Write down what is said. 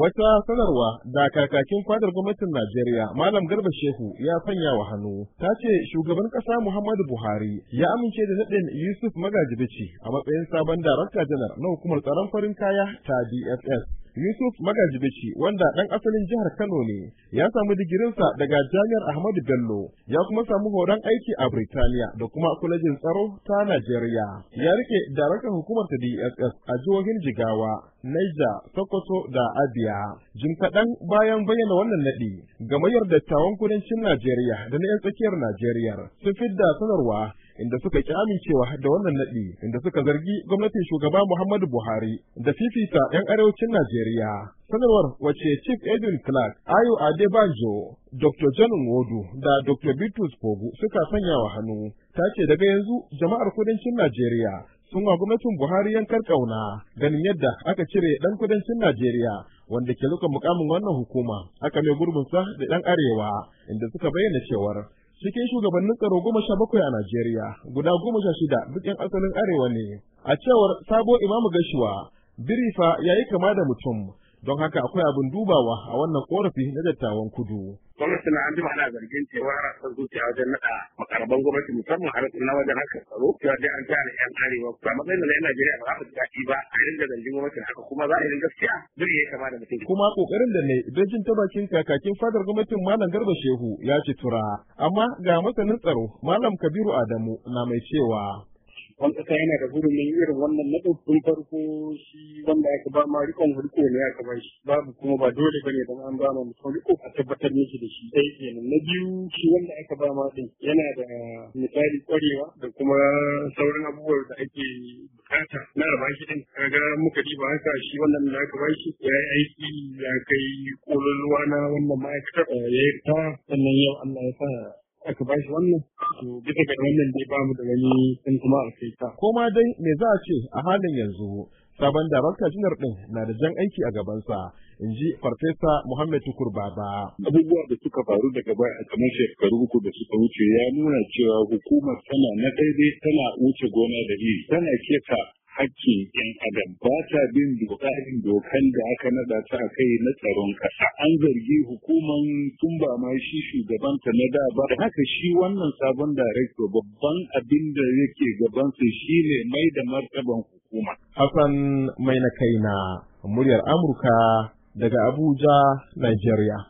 Wata sanarwa da kakakin fadar gwamnatin Najeriya Malam Garba Shehu ya sanya wa hannu ta ce shugaban kasa Muhammadu Buhari ya amince da nadin Yusuf Magajibici a matsayin sabon darakta janar na hukumar tsaron farin kaya ta DSS. Yusuf Magajibici wanda ɗan asalin jihar Kano ne ya samu digirinsa daga Jami'ar Ahmadu Bello ya kuma samu horon aiki a Birtaniya da kuma kwalejin tsaro ta Najeriya. Ya rike darakan hukumar ta DSS a jihohin Jigawa, Niger, Sokoto da Abia. Jim kaɗan bayan bayyana wannan naɗi, gamayyar dattawan kudancin Najeriya da na 'yan tsakiyar Najeriya sun fidda sanarwa inda suka ki amincewa da wannan naɗi inda suka zargi gwamnatin shugaba Muhammadu Buhari da fifita ɗan arewacin Najeriya. Sanarwar wace Chief Edwin Clark, Ayo Adebanjo, Dr. John wodu da Dr. Bitrus Kogu suka sanya wa hannu ta ce daga yanzu jama'ar kudancin Najeriya sun wa gwamnatin Buhari yankar ƙauna ganin yadda aka cire ɗan kudancin Najeriya wanda ke lukan mukamin wannan hukuma aka mai gurbinsa da ɗan arewa inda suka bayyana cewar cikin shugabannin tsaro goma sha bakwai a Najeriya guda goma sha shida duk yan asalin arewa ne a cewar sabo imamu gashuwa birifa ya yi kama da mutum don haka akwai abin dubawa a wannan korafi na dattawan kudu gwamnati na an ji ana zargin cewa ana son zuciya wajen naɗa makarban gwamnati musamman rikin na wajen haka tsaro cewa dai an tare yan arewa ba matsayin da na Najeriya ba a daɗi ba a da zargin gwamnati haka kuma za a yi gaskiya duk ya yi kama da mutum. Kuma kokarin da ne don jin ta bakin kakakin fadar gwamnatin Malam Garba Shehu ya ci tura amma ga masanin tsaro Malam Kabiru Adamu na mai cewa wani ƙasa yana da mai irin wannan na ɗaukun farko shi wanda aka ba ma rikon riko ne aka ba shi babu kuma ba dole ba ne don an ba ma mutum riko a tabbatar miki da shi ɗaya kenan na biyu shi wanda aka ba ma ɗin yana da misali ƙwarewa da kuma sauran abubuwan da ake bukata na a shi ɗin kaga muka diba haka shi wannan da aka ba shi ya yi aiki ya kai ƙololuwa na wannan ma'aikatar ya yi ta sannan yau Allah ya sa aka ba shi wannan to bisa wannan dai ba mu da wani sun kuma a kai dai me za a ce a halin yanzu sabon darakta jinar ɗin na da jan aiki a gabansa in ji farfesa muhammed tukur baba abubuwa da suka faru daga baya a kamar shekaru uku da suka wuce ya nuna cewa hukumar tana na daidai tana wuce gona da iri tana keta hakkin yan adam ba ta bin dokarin dokan da aka nada ta a kai na tsaron ƙasa an zargi hukuman tun ba ma shi shugabanta na da ba da haka shi wannan sabon director babban abin da yake gabansa shine mai da martaban hukuma hassan mai na kai na muryar amurka daga abuja nigeria